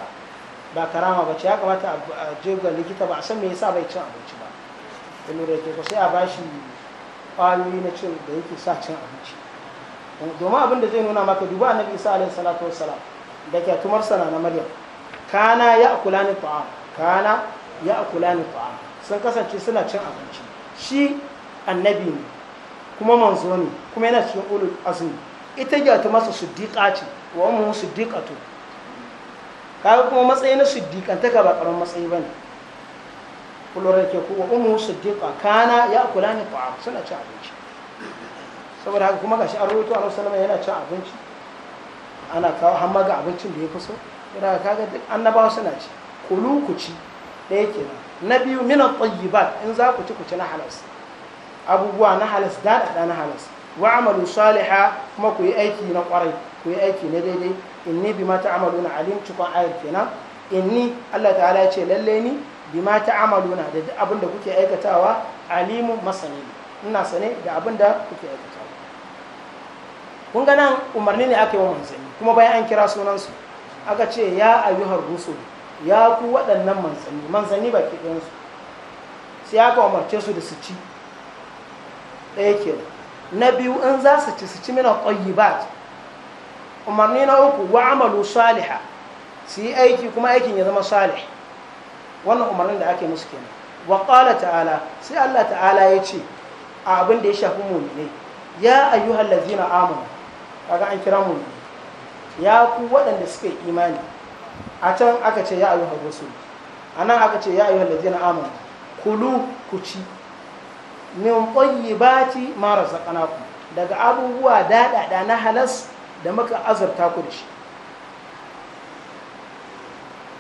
ba karama ba ce ya kamata a je ga likita ba a san me yasa bai cin abinci ba kullum da ke ku sai a bashi kwayoyi na cin da yake sa cin abinci domin abin da zai nuna maka duba annabi isa alaihi salatu wassalam da kyatumar sana na maryam kana ya akula ni ta'am kana ya akula ni ta'am sun kasance suna cin abinci shi annabi ne kuma manzo ne kuma yana cikin ulul azmi ita gyatumarsa siddiqa ce wa ummu siddiqatu kaga kuma matsayi na siddiqantaka ba karamin matsayi bane kullum da ke kuwa ummu siddiqa kana ya akula ni ta'am suna cin abinci saboda haka kuma gashi an rubuta annabi sallallahu yana cin abinci ana kawo hamma ga abincin da ya fi so da kaga duk annabawa suna ci kulu ku ci ɗaya kenan na biyu minan tayyibat in za ku ci ku ci na halas abubuwa na halas daɗaɗa na halas wa amalu saliha kuma ku yi aiki na kwarai ku yi aiki na daidai in ni bi inni amalu na alim cikon ayar kenan ni Allah ta'ala ya ce lalle ni bima ta'maluna da duk abin da kuke aikatawa alimu masani ina sane da abin da kuke aikatawa kun ga nan umarni ne aka yi wa manzanni kuma bayan an kira sunansu aka ce ya ayyuhar rusul ya ku waɗannan manzanni manzanni ba ke ɗansu sai aka umarce su da su ci ɗaya ke na biyu in za su ci su ci mina ba. umarni na uku wa amalu saliha su yi aiki kuma aikin ya zama salih wannan umarnin da ake musu kenan wa ƙala ta'ala sai allah ta'ala ya ce a abin da ya shafi ne ya ayyuhar lazina amanu kaga an kira mu ya ku waɗanda suka yi imani a can aka ce ya ayyuhar rasul a nan aka ce ya ayyuhar na amon kulu ku ci min mara marasa ku daga abubuwa daɗaɗa na halas da muka azurta ku da shi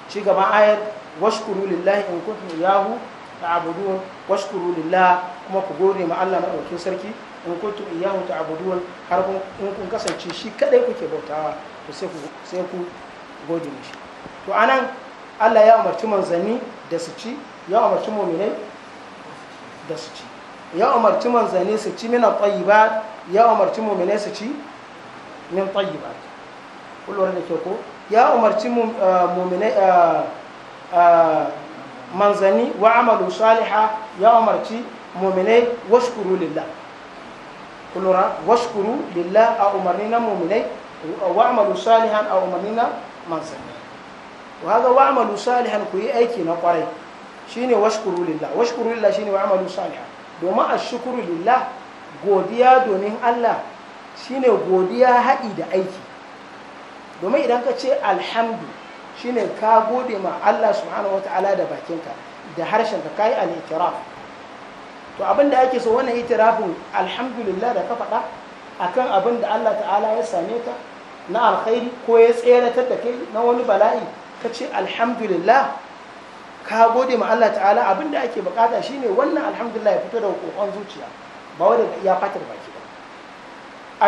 ci gaba ayar washkuru lillahi in kuntum ta abudu washkuru lillahi kuma ku gode ma Allah madaukakin sarki in kuntum iyyahu ta'budun har in kun kasance shi kadai kuke bautawa to sai ku sai ku gode mishi to anan Allah ya umarci manzanni da su ci ya umarci mu'minai da su ci ya umarci manzanni su ci min tayyibat ya umarci mu'minai su ci min tayyibat kullu da ke ko ya umarci eh, mu'minai eh, eh, manzanni wa amalu salihah ya umarci mu'minai washkuru lillah kulura washkuru lilla a umarni na muminai wa amalu salihan a umarni na manzanni wa haka wa amalu salihan ku yi aiki na kwarai shine washkuru lillah washkuru lillah shine wa amalu salihan domin a shukuru lillah godiya domin Allah shine godiya haɗi da aiki domin idan ka ce alhamdu shine ka gode ma Allah subhanahu wataala da bakinka da harshen kai al-itiraf to abin da ake so wannan itirafin alhamdulillah da ka faɗa akan abin da Allah ta'ala ya same ta na alkhairi ko ya tseratar da kai na wani bala'i ka ce alhamdulillah ka gode ma Allah ta'ala abin da ake bukata shine wannan alhamdulillah ya fito da kokon zuciya ba wai daga iya fatar baki ba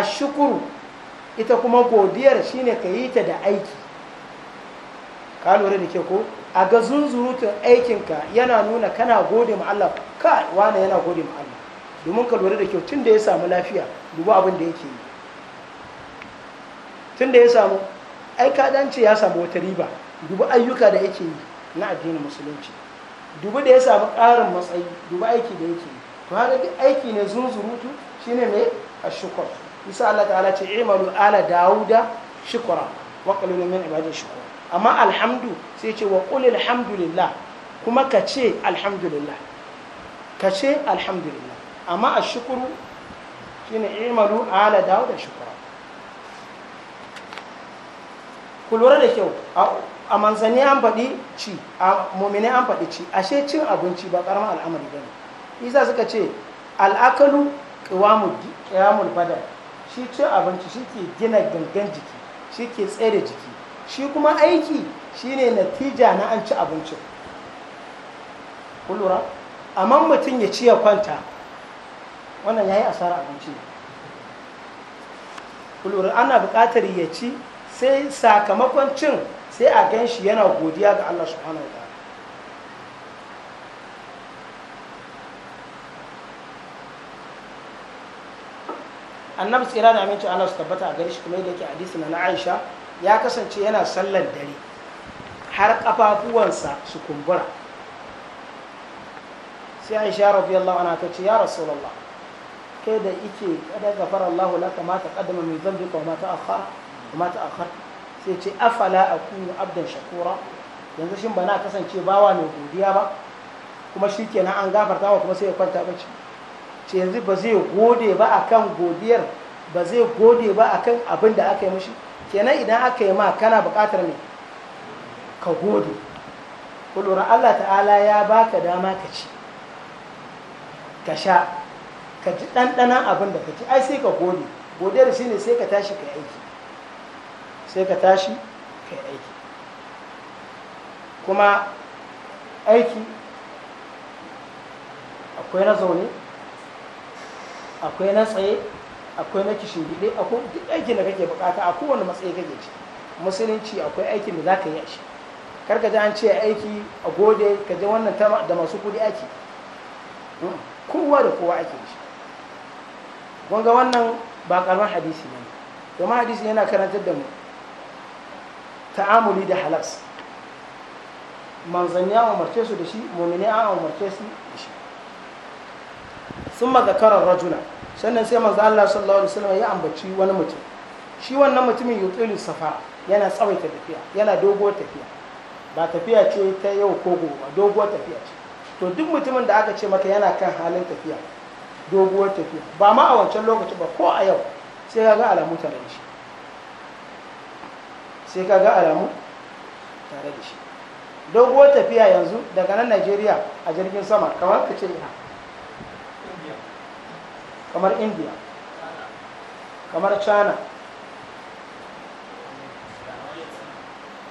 ashukuru ita kuma godiyar shine ka yi ta da aiki ka lura da ke ko a ga zunzurutun aikinka yana nuna kana gode ma Allah kai wane yana gode ma Allah domin ka lura da kyau tun da ya samu lafiya dubu abin da yake yi tun da ya samu ai ka dance ya samu wata riba dubu ayyuka da yake yi na addinin musulunci dubu da ya samu ƙarin matsayi dubu aiki da yake yi to haka duk aiki ne zunzurutu shine mai ashukur isa Allah ta'ala ce imalu ala dauda shukura wa qalilun min ibadi shukura amma alhamdu sai ce wa qul alhamdulillah kuma ka ce alhamdulillah ka ce alhamdulillah amma a shukuru shine imalu ala dawo da shukura ku lura da kyau a manzanni an faɗi ci a mummini an faɗi ci ashe cin abinci ba ƙaramin al'amari ba ne isa suka ce al'akalu ƙiwamun badar shi cin abinci shi ke gina gangan jiki shi ke tsere jiki shi kuma aiki shine natija na an ci abincin ku lura amma mutum ya ci ya kwanta wannan ya yi asara abinci kulura ana buƙatar ya ci sai sakamakon cin sai a gan shi yana godiya ga Allah subhanahu wa annabi tsira da aminci ana su tabbata a gan shi kuma yake hadisi na Aisha ya kasance yana sallar dare har ƙafafuwansa su kumbura sai aisha radiyallahu ana ta ce ya rasulullah kai da yake kada gafara Allahu laka ma taqaddama min dhanbika wa ma ta'akhkhara wa ma ta'akhkhara sai ce afala akunu abdan shakura yanzu shin bana kasance bawa mai godiya ba kuma shi an gafarta wa kuma sai ya kwanta bacci ce yanzu ba zai gode ba akan godiyar ba zai gode ba akan abin da aka yi mishi kenan idan aka yi ma kana bukatar ne ka gode lura Allah ta'ala ya baka dama ka ci ka sha ka ji ɗanɗanan abin da ka ci ai sai ka gode godiyar shi ne sai ka tashi ka aiki sai ka tashi ka aiki kuma aiki akwai na zaune akwai na tsaye akwai na kishingide akwai duk aikin da kake bukata a kowane matsayi kake ci musulunci akwai aikin da za ka yi a shi karka ji an ce aiki a gode ka ji wannan da masu kudi aiki mm. kowa da kowa ake shi kun ga wannan ba karamin hadisi ne domin hadisi yana karantar da mu ta'amuli da halas manzanni an umarce su da shi mumini an umarce su da shi sun mazakarar rajuna sannan sai manzan Allah sallallahu alaihi wasallam ya ambaci wani mutum shi wannan mutumin yutilu safa yana tsawaita tafiya yana dogo tafiya ba tafiya ce ta yau ko gobe dogo tafiya ce to duk mutumin da aka ce maka yana kan halin tafiya doguwar tafiya ba ma a wancan lokaci ba ko a yau sai ka ga alamu tare da shi sai ka ga alamu tare da shi doguwar tafiya yanzu daga nan najeriya a jirgin sama kamar ka ce ina kamar india kamar china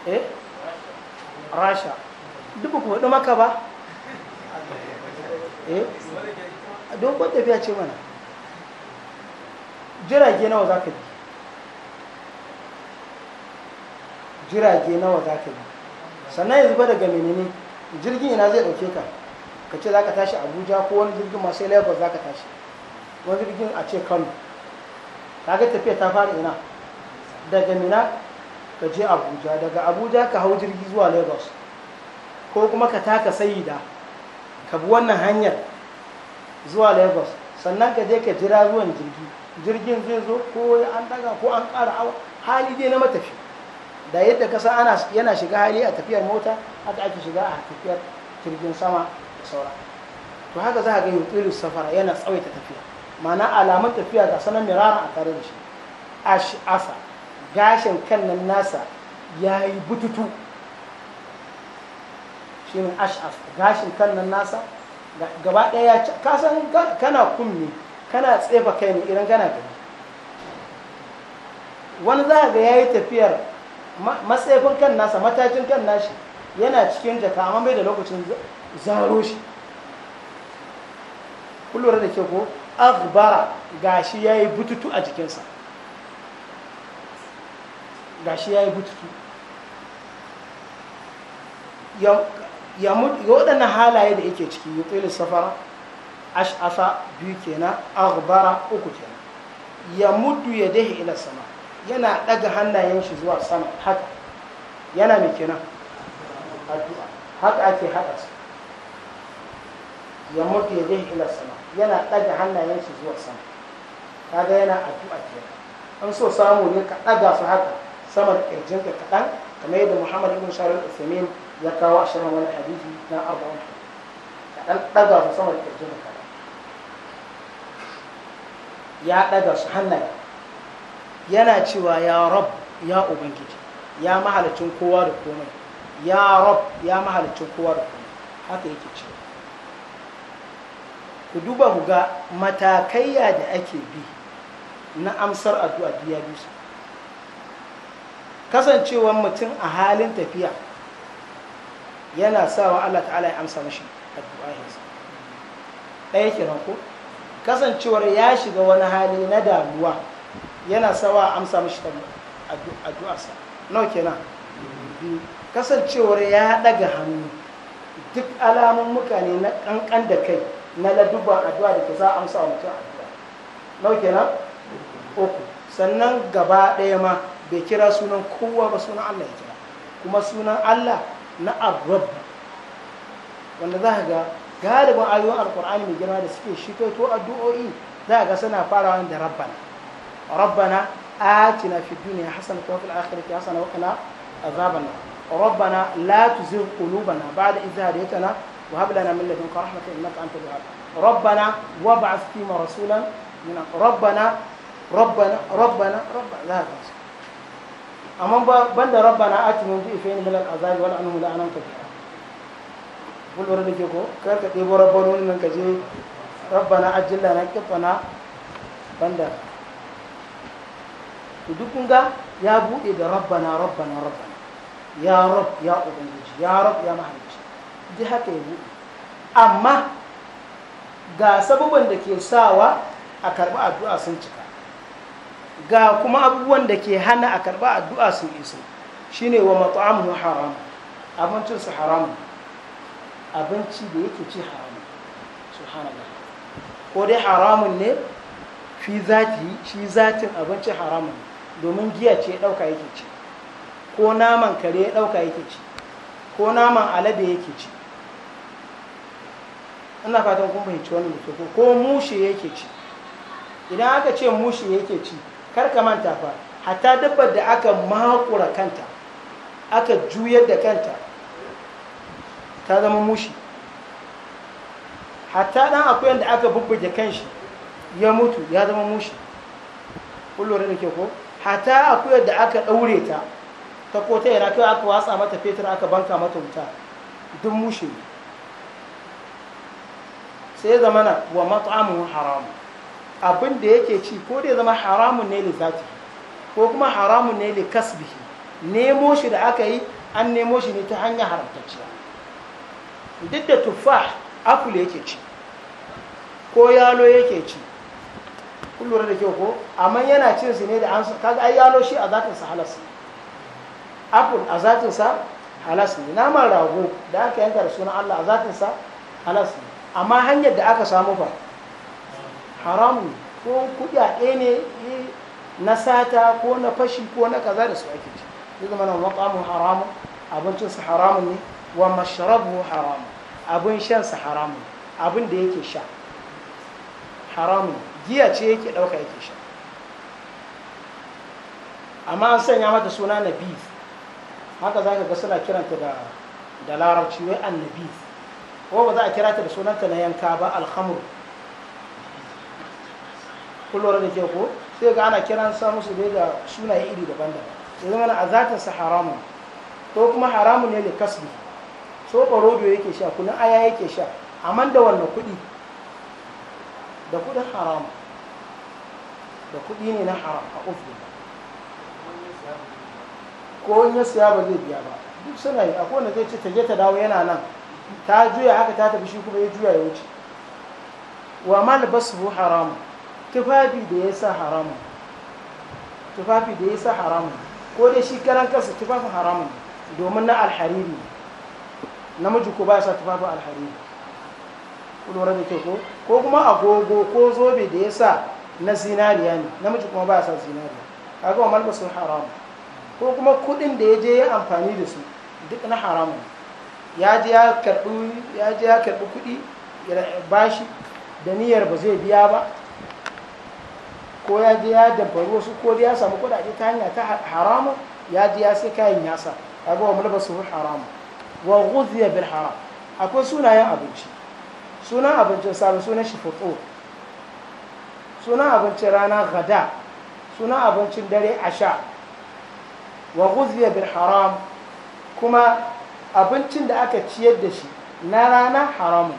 eh rasha duk ku maka ba Eh? dogon tafiya ce mana jirage nawa za ka bi jirage nawa za ka bi sannan yanzu ba daga menene jirgin ina zai ɗauke ka ka ce za ka tashi abuja ko wani jirgin masu lagos za ka tashi wani jirgin a ce kano ga tafiya ta fara ina daga mina ka je abuja daga abuja ka hau jirgi zuwa lagos ko kuma ka taka sayida ka bi wannan hanyar zuwa lagos sannan ka je ka jira zuwan jirgi jirgin zai zo ko an daga ko an ƙara awa hali dai na matafi da yadda kasa ana yana shiga hali a tafiyar mota haka ake shiga a tafiyar jirgin sama da saura to haka za a ga yunƙirin safara yana tsawaita tafiya ma'ana alamun tafiya ga sanar mirara a tare da shi asa gashin kan nan nasa ya yi bututu shine ash'af gashin kan nan nasa gaba ɗaya ka san kana kunni kana tsefa kai ne idan kana gani wani za ga ya yi tafiyar matsefin kan nasa matakin kan nashi yana cikin jaka amma bai da lokacin zaro shi kullum da ke ko aghbara gashi yi bututu a jikinsa gashi yi bututu ya waɗannan halaye da yake ciki ya tsili safara ash'asa biyu kenan aghbara uku kenan ya mutu ya dahi ila sama yana ɗaga hannayen shi zuwa sama haka yana mai kenan haka ake haɗa su ya mutu ya dahi ila sama yana ɗaga hannayen shi zuwa sama kaga yana addu'a kenan an so samu ne ka ɗaga su haka sama da ƙirjinka kaɗan kamar yadda muhammad ibn sharif al ya kawo a shirin wani hadisi na arba'un ka ɗan ɗaga su sama da ƙirjin ka ya ɗaga su hannaye yana cewa ya rab ya ubangiji ya mahalicin kowa da komai ya rab ya mahalicin kowa da komai haka yake cewa ku duba ku ga matakaiya da ake bi na amsar addu'a biya bisu kasancewan mutum a halin tafiya yana sawa Allah ta'ala ya amsa mashi addu'ahinsa ɗaya kenan ko kasancewar ya shiga wani hali na damuwa yana sawa amsa mashi addu'arsa nawa kenan kasancewar ya daga hannu duk alamun mutane na kankan da kai na ladubban addu'a da ke za a amsa wa mutum addu'a nawa kenan uku sannan gaba ɗaya ma bai kira sunan kowa ba sunan Allah ya kira kuma sunan Allah na arab wanda za ka ga galibin ayoyin alkur'ani mai girma da suke shikaito addu'o'i za ka ga suna farawa da rabbana rabbana atina fi duniya hasanatan wa fil akhirati hasanatan wa qina azaban ربنا لا تزغ قلوبنا بعد إذ هديتنا وهب لنا من لدنك رحمة إنك أنت الوهاب ربنا وابعث فيما رسولا من ربنا ربنا ربنا ربنا, ربنا. لا تنسى amma ban da rabbana mun fi ifain min al'azabi wal anhum anan kabira kun lura da ke ko kar ka ɗebo rabbanoni nan ka je rabbana ajilla na kifana banda to duk kun ga ya buɗe da rabbana rabbana rabbana ya rab ya ubangiji ya rab ya mahalicci duk haka ya buɗe amma ga sababan da ke sawa a karɓi addu'a sun cika ga kuma abubuwan da ke hana a karba addu'a sun iso shine wa mat'amuhu haram abincin su haram abinci da yake ci haram subhanallah ko dai haramun ne fi zati shi zatin abinci haramun domin giya ce dauka yake ci ko naman kare ya dauka yake ci ko naman alade yake ci ina fatan kun fahimci wannan mutum ko mushe yake ci idan aka ce mushe yake ci kar ka manta fa hatta dabbar da aka makura kanta aka juyar da kanta ta zama mushi hatta dan akwai da aka bubbuge kanshi ya mutu ya zama mushi kullum da ke ko hatta akwai yadda aka daure ta ta kota yana kai aka watsa mata fetur aka banka mata wuta duk mushi sai zamana wa mat'amu haramu abin da yake ci ko da zama haramun ne li zati ko kuma haramun ne li kasbihi nemo shi da aka yi an nemo shi ne ta hanyar haramtacciya duk da tuffa apple yake ci ko yalo yake ci kun lura da kyau ko amma yana cin su ne da an kaga ai yalo shi a zatin sa halas apple a zatin sa halas ne naman rago da aka yanka da sunan Allah a zatin sa halas ne amma hanyar da aka samu fa haramun ko kuɗaɗe ne na sata ko na fashi ko na kaza da su ake ci ya zama na maƙamun haramun abincinsu haramun ne wa mashrabu haramun abin shansa haramun abin da yake sha haramun giya ce yake ɗauka yake sha amma an sanya mata suna nabi haka za ka ga suna kiranta da da larabci wai annabi ko ba za a kira ta da sunanta na yanka ba alhamur kullum da ke ko sai ga ana kiran sa musu dai da sunaye iri daban-daban ya zama na azatin sa haramun ko kuma haramun ne da kasbi so barodo yake sha kuna aya yake sha amma da wannan kuɗi da kuɗin haram da kuɗi ne na haram a ofin ko wani ya siya ba zai biya ba duk suna yi akwai wanda zai ce ta je ta dawo yana nan ta juya haka ta tafi shi kuma ya juya ya wuce wa mal basu haramun tufafi da ya sa haramun tufafi da ya sa haramun ko dai shi karan kansa tufafin haramun domin na alhariri namiji ko ba ya sa tufafin alhariri ku lura da ko ko kuma agogo ko zobe da ya sa na zinariya ne namiji kuma ba ya sa zinariya kaga wa sun haramun ko kuma kudin da ya je ya amfani da su duk na haramun ya je ya karbi ya je ya karbi kudi bashi da niyyar ba zai biya ba ko ya je ya damfari wasu ko ya samu kudade ta hanya ta haramu ya je ya sai kayan yasa ga wa mulbasu haramu wa guziya bil haram akwai sunayen abinci sunan abincin sabu sunan shi fito sunan abincin rana gada sunan abincin dare asha wa guziya bil haram kuma abincin da aka ciyar da shi na rana haramun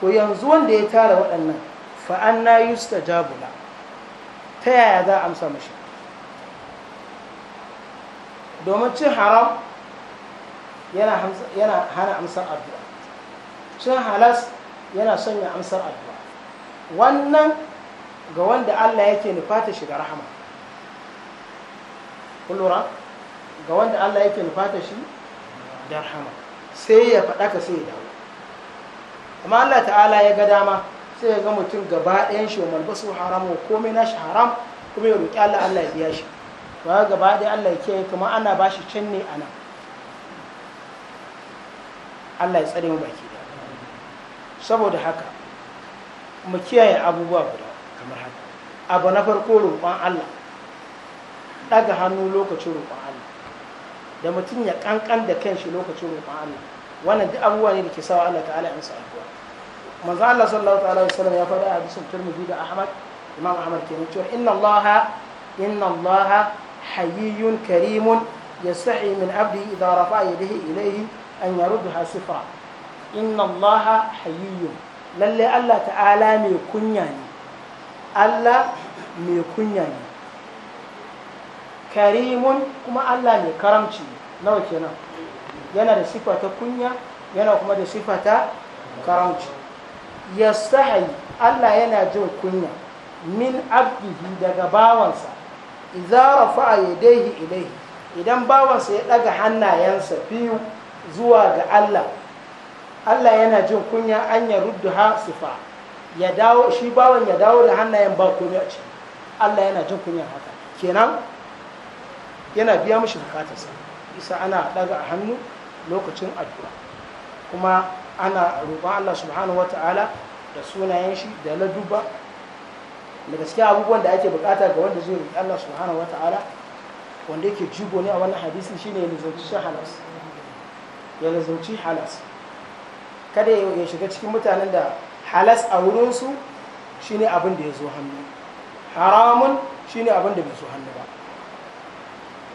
to yanzu wanda ya tara waɗannan fa anna yustajabu la ta yaya za a amsa mashi domin cin haram yana hana amsar addu'a cin halas yana sanya amsar addu'a wannan ga wanda Allah yake nufa ta shiga rahama kullura ga wanda Allah yake nufa ta shi da rahama sai ya faɗa ka sai ya dawo amma Allah ta'ala ya ga dama sai ga mutum gaba ɗayan shi wa malbasu haram wa na shi haram kuma ya roƙi Allah Allah ya biya shi ba gaba ɗaya Allah ya kiyaye kuma ana ba shi can ne ana Allah ya tsare mu baki da saboda haka mu kiyaye abubuwa guda kamar haka abu na farko roƙon Allah ɗaga hannu lokacin roƙon Allah da mutum ya ƙanƙan da kanshi lokacin roƙon Allah wannan duk abubuwa ne da ke sawa Allah ta'ala in sa manzo Allah sallallahu alaihi wasallam ya faɗa a hadisin Tirmidhi da Ahmad Imam Ahmad kenan cewa inna Allah inna Allah hayyun karimun yasahi min abdi idza rafa yadihi ilayhi an yarudha sifra inna Allah hayyun lalle Allah ta'ala mai kunya ne Allah mai kunya ne karimun kuma Allah mai karamci nawa kenan yana da sifa ta kunya yana kuma da sifa ta karamci yastahi Allah yana jin kunya min abdihi daga bawansa idza rafa'a yadayhi ilayhi idan bawansa ya daga hannayensa biyu zuwa ga Allah Allah yana jin kunya an ya rudduha sifa ya dawo shi bawan ya dawo da hannayen ba komai a ciki Allah yana jin kunya haka kenan yana biya mishi bukatarsa isa ana daga a hannu lokacin addu'a kuma ana roƙon Allah subhanahu wa ta'ala da sunayen shi da na duba daga cikin abubuwan da ake bukata ga wanda zai roƙi Allah subhanahu wa ta'ala wanda yake jigo ne a wannan hadisi shine ya halas ya lazauci halas kada ya shiga cikin mutanen da halas a wurinsu shine abin da ya zo hannu haramun shine abin da bai zo hannu ba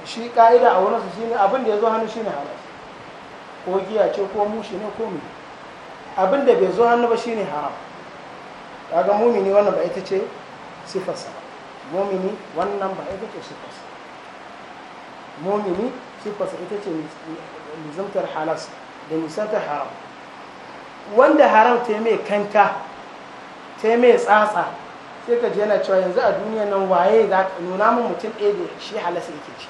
shi ka'ida a wurinsu shine abin da ya zo hannu shine halas ko giya ce ko mushi ne ko mai abin da bai zo hannu ba shine haram kaga mumini wannan ba ita ce sifarsa mumini wannan ba ita ce sifarsa mumini sifarsa ita ce nizamtar halas da nisantar haram wanda haram ta mai kanta ta mai tsatsa sai ka jena cewa yanzu a duniya nan waye za ka nuna min mutum ɗaya da shi halasa yake ci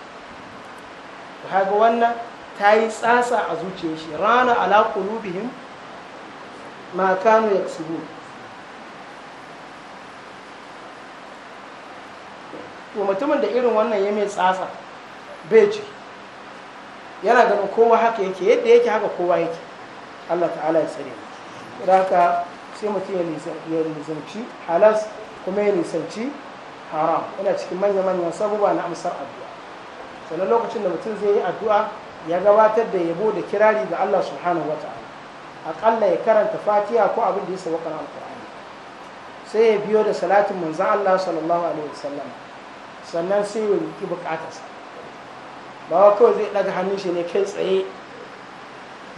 to ga wannan ta yi tsatsa a zuciyar shi rana ala qulubihim ما كانوا يكسبون mutumin da irin wannan ya mai tsafa bai ci yana ganin kowa haka yake yadda yake haka kowa yake Allah ta'ala ya tsare mu haka sai mutum ya nisanci halas kuma ya nisanci haram yana cikin manya-manyan sabuwa na amsar addu'a sannan lokacin da mutum zai yi addu'a ya gabatar da yabo da kirari ga Allah subhanahu wa aƙalla ya karanta fatiha ko abin da ya saba kan alƙur'ani sai ya biyo da salatin manzan Allah sallallahu alaihi wasallam sannan sai ya roƙi buƙatarsa ba wa kawai zai ɗaga hannun shi ne kai tsaye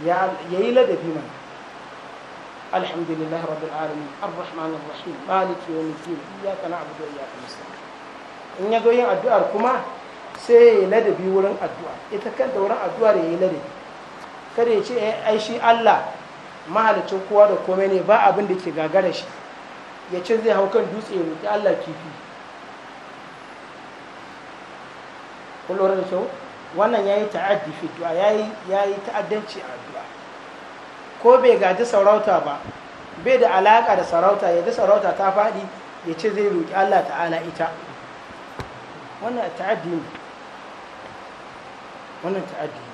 ya yi ladabi mana alhamdulillah rabbil alamin ar arrahim maliki yawmid din iyyaka na'budu wa iyyaka nasta'in in ya zo yin addu'ar kuma sai ya ladabi wurin addu'a ita kanta wurin addu'ar ya yi ladabi kada ya ce eh, ai shi Allah mahalicin kowa da komai ne ba abin da ke gagara shi ya ce zai hau kan dutse ya roƙi Allah kifi kun da kyau wannan ya yi ta'addi fi du'a ya yi ta'addanci a addu'a ko bai gaji sarauta ba bai da alaƙa da sarauta ya ga sarauta ta faɗi ya ce zai roƙi Allah ta'ala ita wannan ta'addi ne wannan ta'addi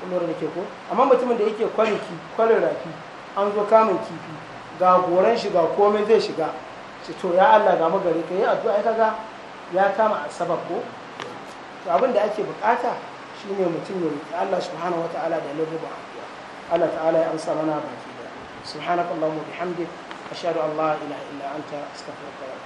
kullum da ke ko amma mutumin da yake kwaliki kwalin rafi an zo kamun kifi ga goran shiga komai zai shiga shi to ya Allah ga mu gare ka yi addu'a ai kaga ya kama asabar ko to abin da ake bukata shine mutum ya roki Allah subhanahu wataala da lubu ba Allah ta'ala ya amsa mana baki da subhanakallahumma bihamdik ashhadu an la ilaha illa anta astaghfiruka wa atubu